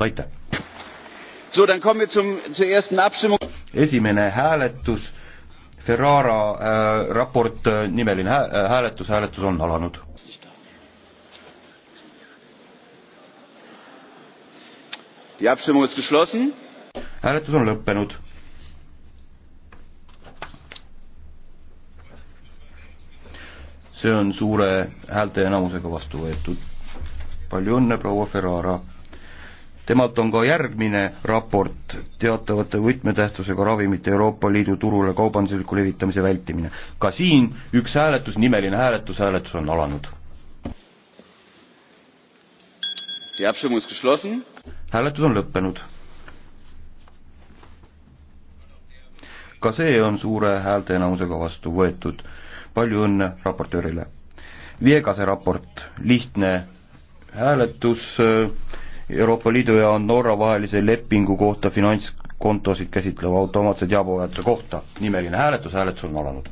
aitäh! esimene hääletus, Ferrara äh, raport, äh, nimeline hää, äh, hääletus, hääletus on alanud. hääletus on lõppenud. see on suure häälteenamusega vastu võetud. palju õnne, proua Ferrara! temalt on ka järgmine raport teatavate võtmetähtsusega ravimite Euroopa Liidu turule kaubandusliku levitamise vältimine. ka siin üks hääletus, nimeline hääletus, hääletus on alanud. hääletus on lõppenud. ka see on suure häälteenamusega vastu võetud. palju õnne raportöörile. Viegase raport, lihtne hääletus Euroopa Liidu ja Norra vahelise lepingu kohta finantskontosid käsitleva automaatse teabevahetuse kohta. nimeline hääletus, hääletus on alanud.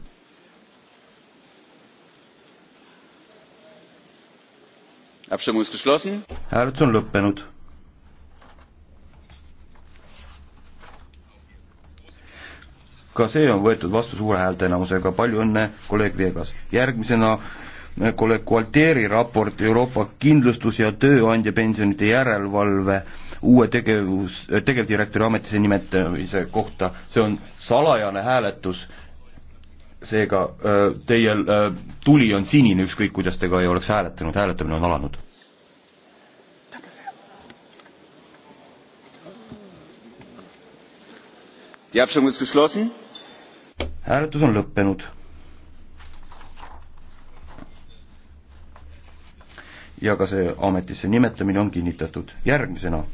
hääletus on lõppenud. ka see on võetud vastu suure häälteenamusega, palju õnne, kolleeg Viegas. järgmisena Eh, kolleeg Gualtieri raport Euroopa kindlustus- ja tööandjapensionide järelevalve uue tegevus, eh, tegevdirektori ametisse nimetamise kohta, see on salajane hääletus, seega eh, teie tuli on sinine, ükskõik kuidas te ka ei oleks hääletanud, hääletamine on alanud. hääletus on lõppenud ja ka see ametisse nimetamine on kinnitatud. järgmisena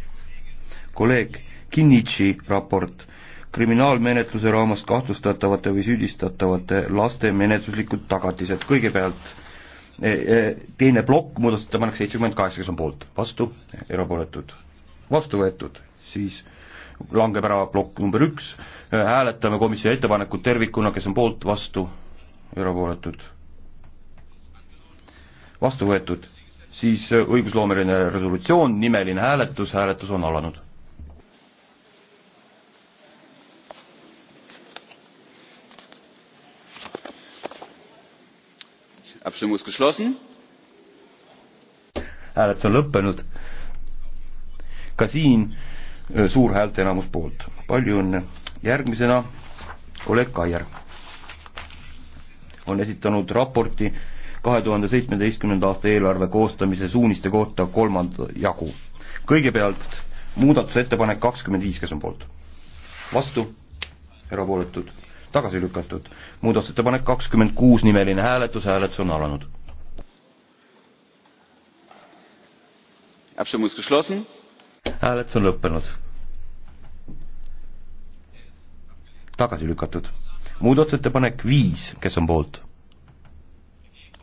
kolleeg Kinnitši raport kriminaalmenetluse raames kahtlustatavate või süüdistatavate laste menetluslikud tagatised, kõigepealt e, e, teine plokk, muudatusettepanek seitsekümmend kaheksa, kes on poolt, vastu, erapooletud, vastu võetud, siis langeb ära plokk number üks, e, hääletame komisjoni ettepanekut tervikuna, kes on poolt, vastu, erapooletud, vastu võetud siis õigusloomeline resolutsioon, nimeline hääletus, hääletus on alanud. hääletus on lõppenud. ka siin äh, suur häälteenamus poolt. palju õnne. järgmisena Oleg Kaier on esitanud raporti kahe tuhande seitsmeteistkümnenda aasta eelarve koostamise suuniste kohta kolmanda jagu. kõigepealt muudatusettepanek kakskümmend viis, kes on poolt? vastu, erapooletud, tagasi lükatud. muudatusettepanek kakskümmend kuus, nimeline hääletus, hääletus on alanud. hääletus on lõppenud. tagasi lükatud. muudatusettepanek viis, kes on poolt?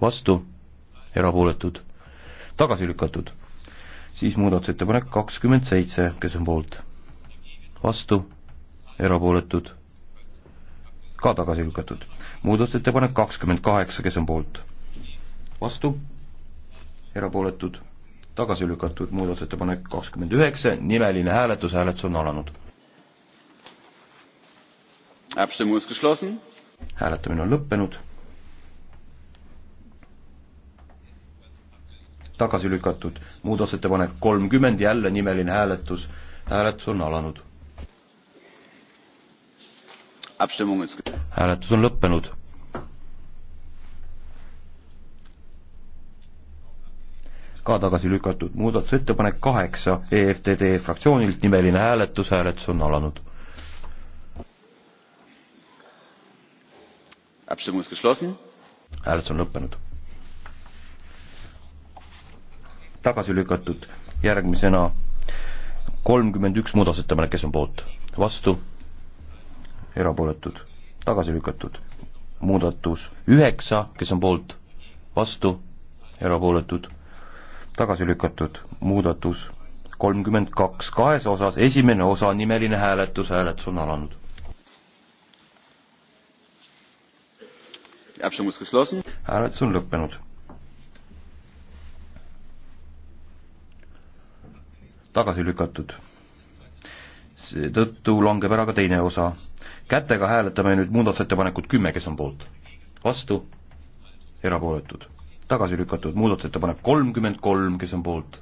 vastu, erapooletud, tagasi lükatud. siis muudatusettepanek kakskümmend seitse, kes on poolt, vastu, erapooletud, ka tagasi lükatud. muudatusettepanek kakskümmend kaheksa, kes on poolt, vastu, erapooletud, tagasi lükatud, muudatusettepanek kakskümmend üheksa, nimeline hääletus, hääletus on alanud. hääletamine on lõppenud tagasi lükatud. muudatusettepanek kolmkümmend, jälle nimeline hääletus. hääletus on alanud. hääletus on lõppenud. ka tagasi lükatud muudatusettepanek kaheksa EFTD fraktsioonilt, nimeline hääletus, hääletus on alanud. hääletus on lõppenud tagasi lükatud, järgmisena kolmkümmend üks muudatusettepanek, kes on poolt, vastu, erapooletud, tagasi lükatud. muudatus üheksa, kes on poolt, vastu, erapooletud, tagasi lükatud, muudatus kolmkümmend kaks, kahes osas, esimene osa, nimeline hääletus, hääletus on alanud. hääletus on lõppenud tagasi lükatud. seetõttu langeb ära ka teine osa. kätega hääletame nüüd muudatusettepanekut kümme, kes on poolt. vastu, erapooletud. tagasi lükatud muudatusettepanek kolmkümmend kolm, kes on poolt.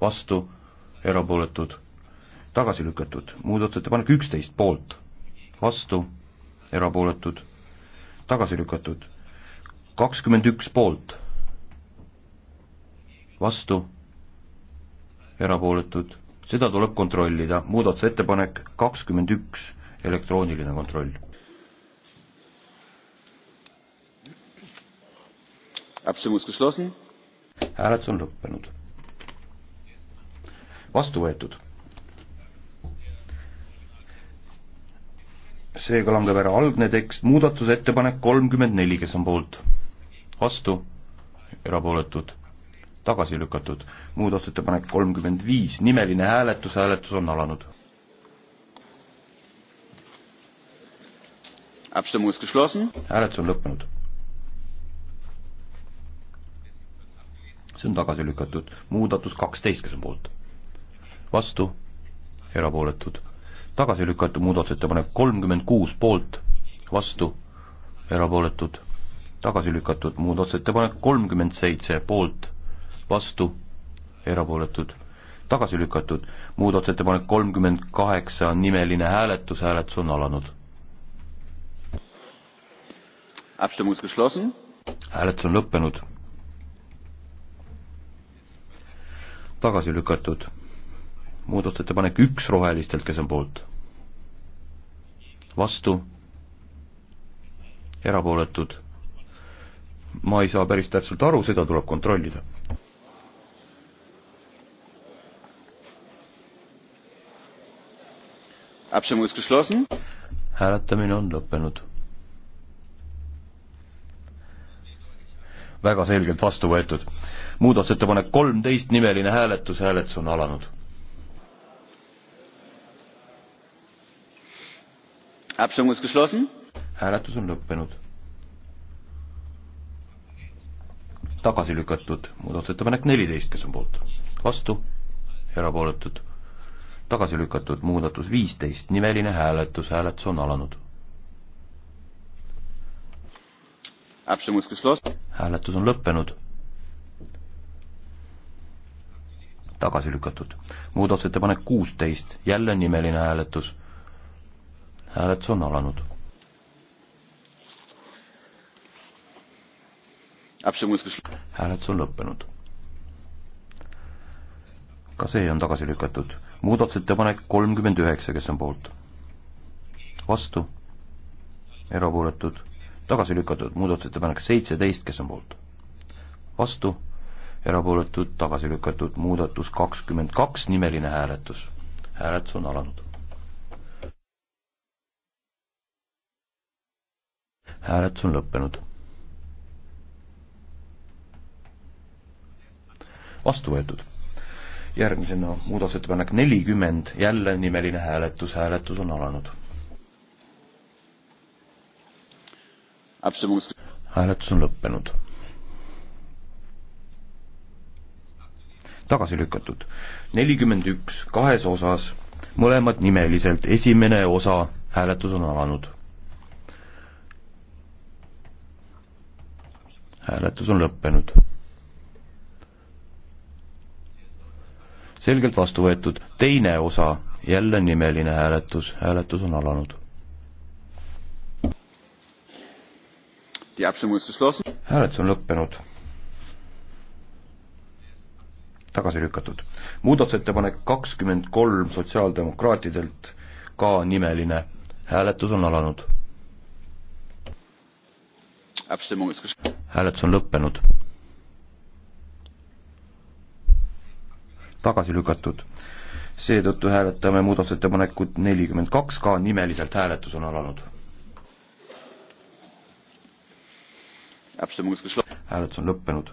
vastu, erapooletud. tagasi lükatud muudatusettepanek üksteist, poolt. vastu, erapooletud. tagasi lükatud kakskümmend üks poolt. vastu erapooletud, seda tuleb kontrollida, muudatusettepanek kakskümmend üks, elektrooniline kontroll. hääletus on lõppenud. vastu võetud. seega langeb ära algne tekst, muudatusettepanek kolmkümmend neli, kes on poolt, vastu, erapooletud tagasi lükatud. muudatusettepanek kolmkümmend viis, nimeline hääletus, hääletus on alanud. hääletus on lõppenud. see on tagasi lükatud. muudatus kaksteist, kes on poolt? vastu, erapooletud. tagasi lükatud muudatusettepanek kolmkümmend kuus poolt, vastu, erapooletud. tagasi lükatud muudatusettepanek kolmkümmend seitse poolt vastu, erapooletud, tagasi lükatud. muudatusettepanek kolmkümmend kaheksa, nimeline hääletus, hääletus on alanud. hääletus on lõppenud. tagasi lükatud. muudatusettepanek üks rohelistelt, kes on poolt? vastu, erapooletud ma ei saa päris täpselt aru, seda tuleb kontrollida. hääletamine on lõppenud. väga selgelt vastu võetud. muudatusettepanek kolmteist, nimeline hääletus, hääletus on alanud. hääletus on lõppenud. tagasi lükatud muudatusettepanek neliteist, kes on poolt? vastu? erapooletud tagasi lükatud muudatus viisteist, nimeline hääletus, hääletus on alanud. hääletus on lõppenud. tagasi lükatud. muudatusettepanek kuusteist, jälle nimeline hääletus. hääletus on alanud. hääletus on lõppenud. ka see on tagasi lükatud muudatusettepanek kolmkümmend üheksa, kes on poolt? vastu? erapooletud? tagasi lükatud, muudatusettepanek seitseteist, kes on poolt? vastu? erapooletud, tagasi lükatud, muudatus kakskümmend kaks, nimeline hääletus. hääletus on alanud. hääletus on lõppenud. vastu võetud järgmisena muudatusettepanek nelikümmend, jälle nimeline hääletus, hääletus on alanud. hääletus on lõppenud. tagasi lükatud. nelikümmend üks, kahes osas, mõlemad nimeliselt, esimene osa, hääletus on alanud. hääletus on lõppenud selgelt vastu võetud. teine osa, jälle nimeline hääletus, hääletus on alanud. hääletus on lõppenud. tagasi lükatud. muudatusettepanek kakskümmend kolm sotsiaaldemokraatidelt, ka nimeline. hääletus on alanud. hääletus on lõppenud tagasi lükatud. seetõttu hääletame muudatusettepanekut nelikümmend kaks ka nimeliselt, hääletus on alanud. hääletus on lõppenud.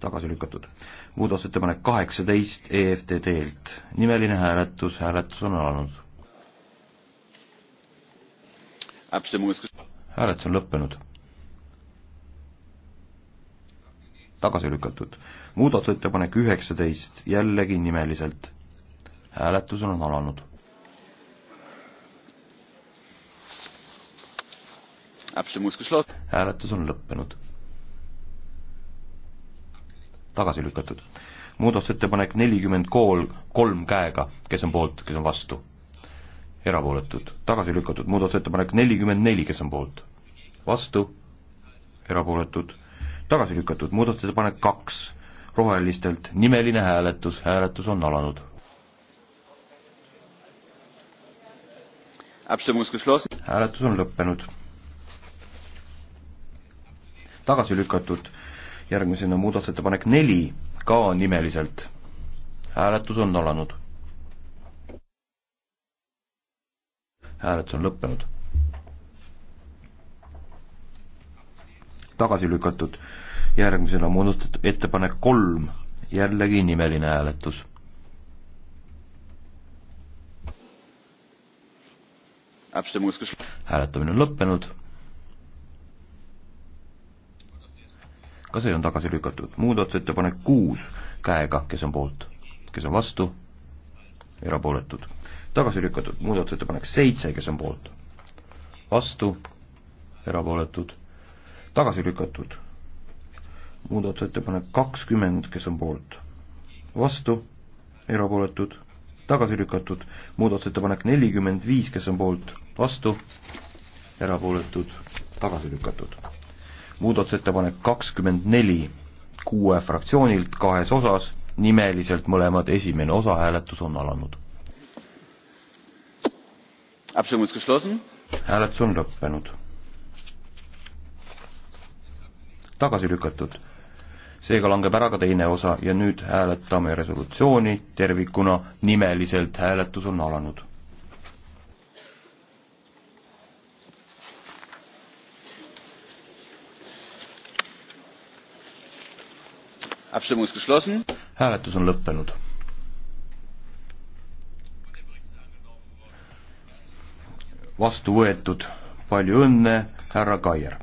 tagasi lükatud. muudatusettepanek kaheksateist EFTD-lt, nimeline hääletus, hääletus on alanud. hääletus on lõppenud tagasi lükatud. muudatusettepanek üheksateist, jällegi nimeliselt. hääletus on alanud. hääletus on lõppenud. tagasi lükatud. muudatusettepanek nelikümmend kool, kolm käega, kes on poolt, kes on vastu. erapooletud, tagasi lükatud, muudatusettepanek nelikümmend neli, kes on poolt, vastu, erapooletud tagasi lükatud, muudatusettepanek kaks rohelistelt, nimeline hääletus, hääletus on alanud. hääletus on lõppenud. tagasi lükatud, järgmisena muudatusettepanek neli, ka nimeliselt. hääletus on alanud. hääletus on lõppenud tagasi lükatud. järgmisena moodustatud ettepanek kolm, jällegi nimeline hääletus. hääletamine on lõppenud. ka see on tagasi lükatud. muudatusettepanek kuus käega, kes on poolt, kes on vastu, erapooletud. tagasi lükatud muudatusettepanek seitse, kes on poolt, vastu, erapooletud tagasi lükatud. muudatusettepanek kakskümmend, kes on poolt, vastu, erapooletud, tagasi lükatud, muudatusettepanek nelikümmend viis, kes on poolt, vastu, erapooletud, tagasi lükatud. muudatusettepanek kakskümmend neli, kuue fraktsioonilt kahes osas, nimeliselt mõlemad, esimene osa hääletus on alanud. hääletus on lõppenud tagasi lükatud. seega langeb ära ka teine osa ja nüüd hääletame resolutsiooni tervikuna, nimeliselt hääletus on alanud. hääletus on lõppenud. vastu võetud, palju õnne, härra Kaier!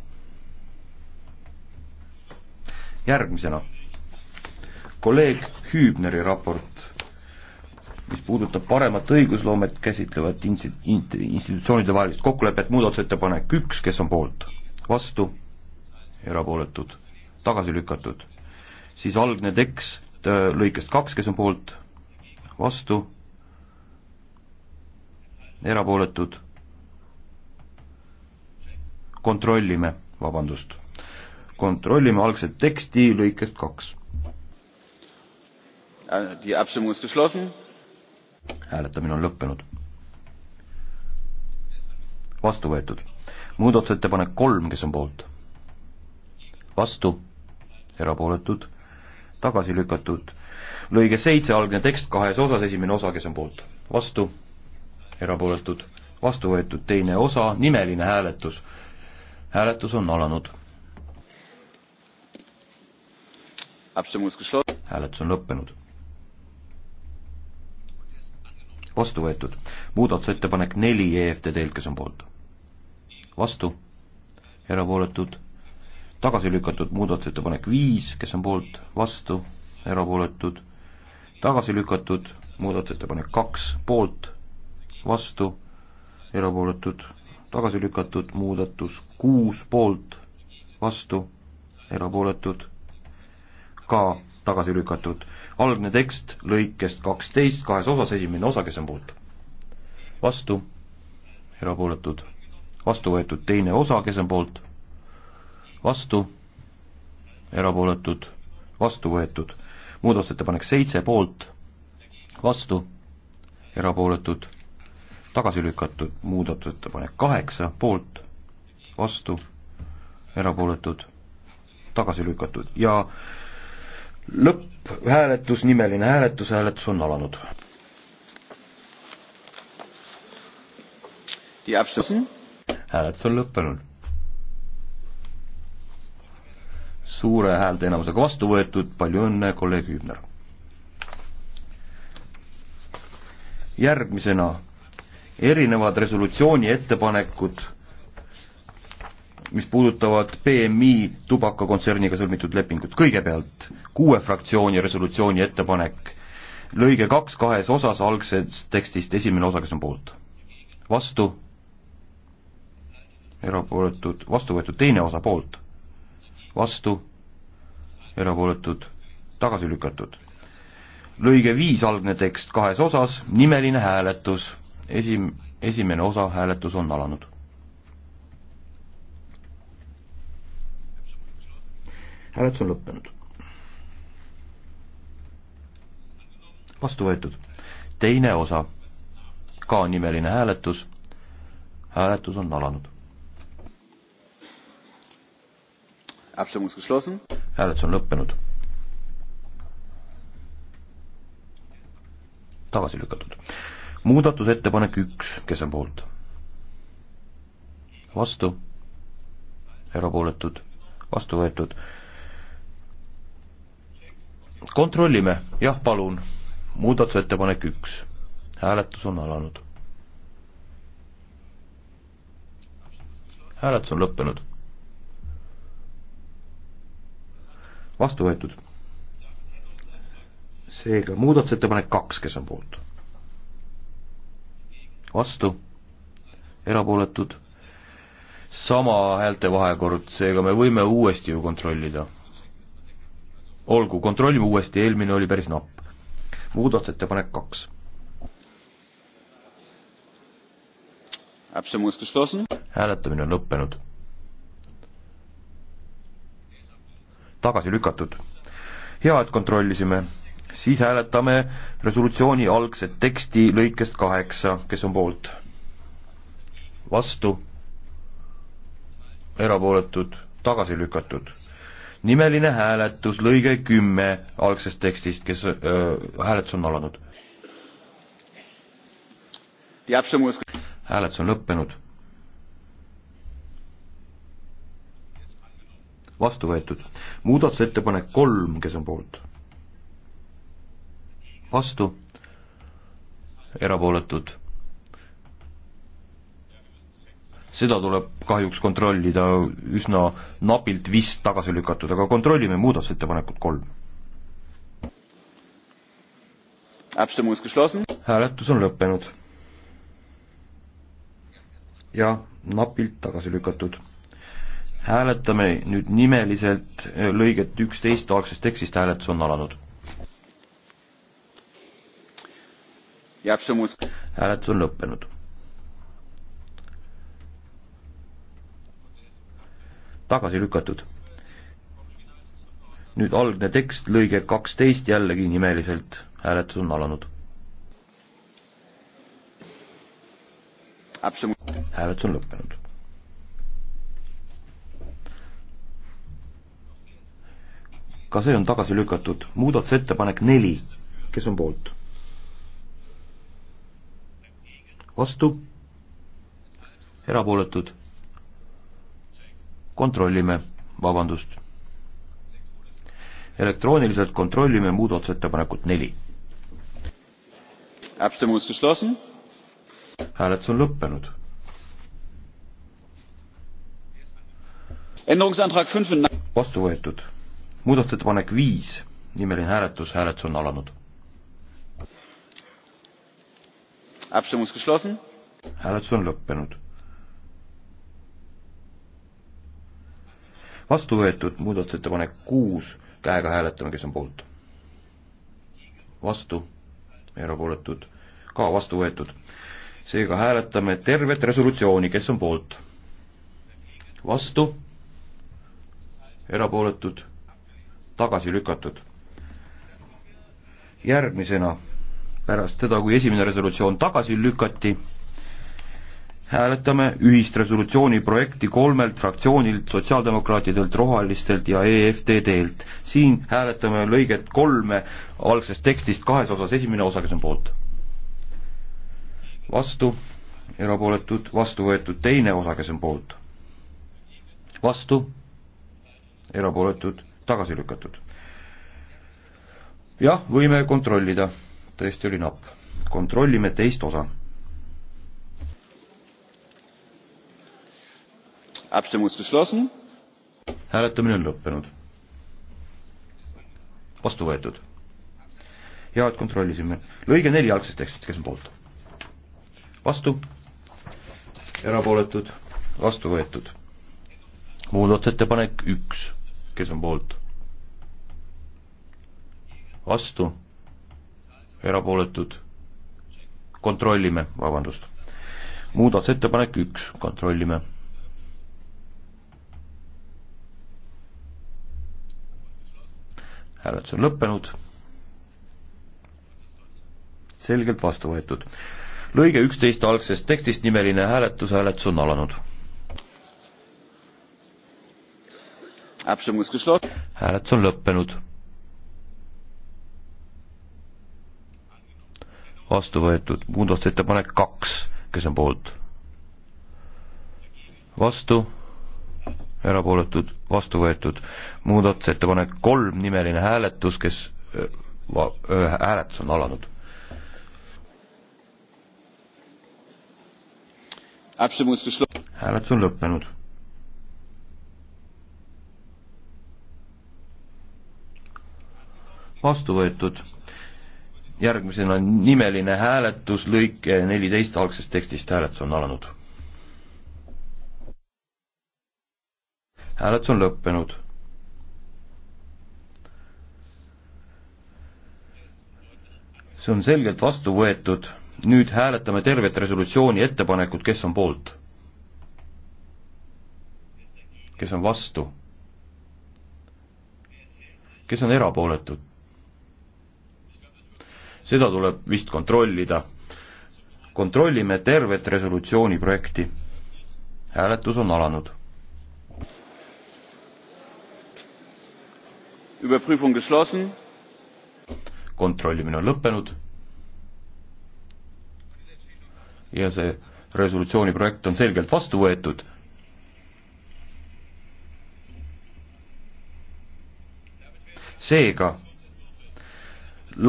järgmisena kolleeg Hüübneri raport, mis puudutab paremat õigusloomet käsitlevat institutsioonide vahelist kokkulepet, muudatusettepanek üks, kes on poolt, vastu, erapooletud, tagasi lükatud. siis algne tekst äh, lõikest kaks, kes on poolt, vastu, erapooletud, kontrollime, vabandust kontrollime algset teksti lõikest kaks. hääletamine on lõppenud. vastu võetud. muudatusettepanek kolm, kes on poolt? vastu, erapooletud, tagasi lükatud. lõige seitse, algne tekst kahes osas, esimene osa, kes on poolt? vastu, erapooletud, vastu võetud teine osa, nimeline hääletus. hääletus on alanud hääletus on lõppenud. vastu võetud. muudatusettepanek neli EFTD-lt, kes on poolt? vastu, erapooletud, tagasi lükatud muudatusettepanek viis, kes on poolt, vastu, erapooletud, tagasi lükatud muudatusettepanek kaks, poolt, vastu, erapooletud, tagasi lükatud muudatus kuus, poolt, vastu, erapooletud, ka tagasi lükatud. algne tekst lõikest kaksteist kahes osas, esimene osa, kes on poolt? vastu, erapooletud. vastu võetud teine osa, kes on poolt? vastu, erapooletud, vastu võetud. muudatusettepanek seitse poolt, vastu, erapooletud, tagasi lükatud. muudatusettepanek kaheksa poolt, vastu, erapooletud, tagasi lükatud ja lõpphääletus, nimeline hääletus, hääletus on alanud. hääletus on lõppenud. suure häälteenamusega vastu võetud, palju õnne, kolleeg Hübner. järgmisena erinevad resolutsiooni ettepanekud mis puudutavad BMI tubakakontserniga sõlmitud lepingut. kõigepealt kuue fraktsiooni resolutsiooni ettepanek, lõige kaks kahes osas algsest tekstist, esimene osa, kes on poolt. vastu, erapooletud, vastu võetud teine osa poolt, vastu, erapooletud, tagasi lükatud. lõige viis algne tekst kahes osas, nimeline hääletus, esim-, esimene osa hääletus on alanud. hääletus on lõppenud. vastu võetud. teine osa, ka nimeline hääletus, hääletus on alanud. hääletus on lõppenud. tagasi lükatud. muudatusettepanek üks, kes on poolt? vastu, erapooletud, vastu võetud kontrollime, jah, palun. muudatusettepanek üks, hääletus on alanud. hääletus on lõppenud. vastu võetud. seega muudatusettepanek kaks, kes on poolt? vastu, erapooletud, sama häälte vahekord, seega me võime uuesti ju kontrollida olgu, kontrollime uuesti, eelmine oli päris napp. muudatusettepanek kaks. hääletamine on lõppenud. tagasi lükatud. hea, et kontrollisime. siis hääletame resolutsiooni algset teksti lõikest kaheksa, kes on poolt? vastu? erapooletud? tagasi lükatud nimeline hääletus, lõige kümme algsest tekstist, kes äh,, hääletus on alanud. hääletus on lõppenud. vastu võetud. muudatusettepanek kolm, kes on poolt? vastu, erapooletud seda tuleb kahjuks kontrollida üsna napilt vist tagasi lükatud, aga kontrollime muudatusettepanekut kolm. hääletus on lõppenud. ja napilt tagasi lükatud. hääletame nüüd nimeliselt lõiget üksteist algsest tekstist, hääletus on alanud. hääletus on lõppenud tagasi lükatud. nüüd algne tekst, lõige kaksteist jällegi nimeliselt, hääletus on alanud. hääletus on lõppenud. ka see on tagasi lükatud, muudatusettepanek neli, kes on poolt? vastu, erapooletud kontrollime, vabandust. elektrooniliselt kontrollime muudatusettepanekut neli. hääletus on lõppenud. vastu võetud. muudatusettepanek viis, nimeline hääletus, hääletus on alanud. hääletus on lõppenud vastu võetud, muudatusettepanek kuus, käega hääletame, kes on poolt. vastu, erapooletud, ka vastu võetud. seega hääletame tervet resolutsiooni, kes on poolt. vastu, erapooletud, tagasi lükatud. järgmisena, pärast seda, kui esimene resolutsioon tagasi lükati, hääletame ühisresolutsiooni projekti kolmelt fraktsioonilt, sotsiaaldemokraatidelt, rohelistelt ja EFTD-lt. siin hääletame lõiget kolme algsest tekstist kahes osas, esimene osa, kes on poolt? vastu, erapooletud, vastu võetud, teine osa, kes on poolt? vastu, erapooletud, tagasi lükatud. jah, võime kontrollida, tõesti oli napp. kontrollime teist osa hääletamine on lõppenud. vastu võetud. ja et kontrollisime. lõige neli algsest tekstist, kes on poolt? vastu. erapooletud. vastu võetud. muudatusettepanek üks, kes on poolt? vastu. erapooletud. kontrollime, vabandust muudatusettepanek üks, kontrollime hääletus on lõppenud. selgelt vastu võetud. lõige üksteist algsest tekstist nimeline hääletus, hääletus on alanud. hääletus on lõppenud. vastu võetud muudatusettepanek kaks, kes on poolt? vastu erapooletud, vastu võetud. muudatusettepanek kolm, nimeline hääletus, kes hääletus on alanud. hääletus on lõppenud. vastu võetud. järgmisena nimeline hääletus lõike neliteist algsest tekstist, hääletus on alanud hääletus on lõppenud. see on selgelt vastu võetud, nüüd hääletame tervet resolutsiooni ettepanekut, kes on poolt? kes on vastu? kes on erapooletud? seda tuleb vist kontrollida. kontrollime tervet resolutsiooni projekti. hääletus on alanud Überprüfung geschlossen. kontrollimine on lõppenud. ja see resolutsiooni projekt on selgelt vastu võetud. seega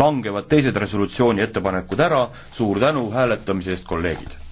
langevad teised resolutsiooni ettepanekud ära, suur tänu hääletamise eest, kolleegid!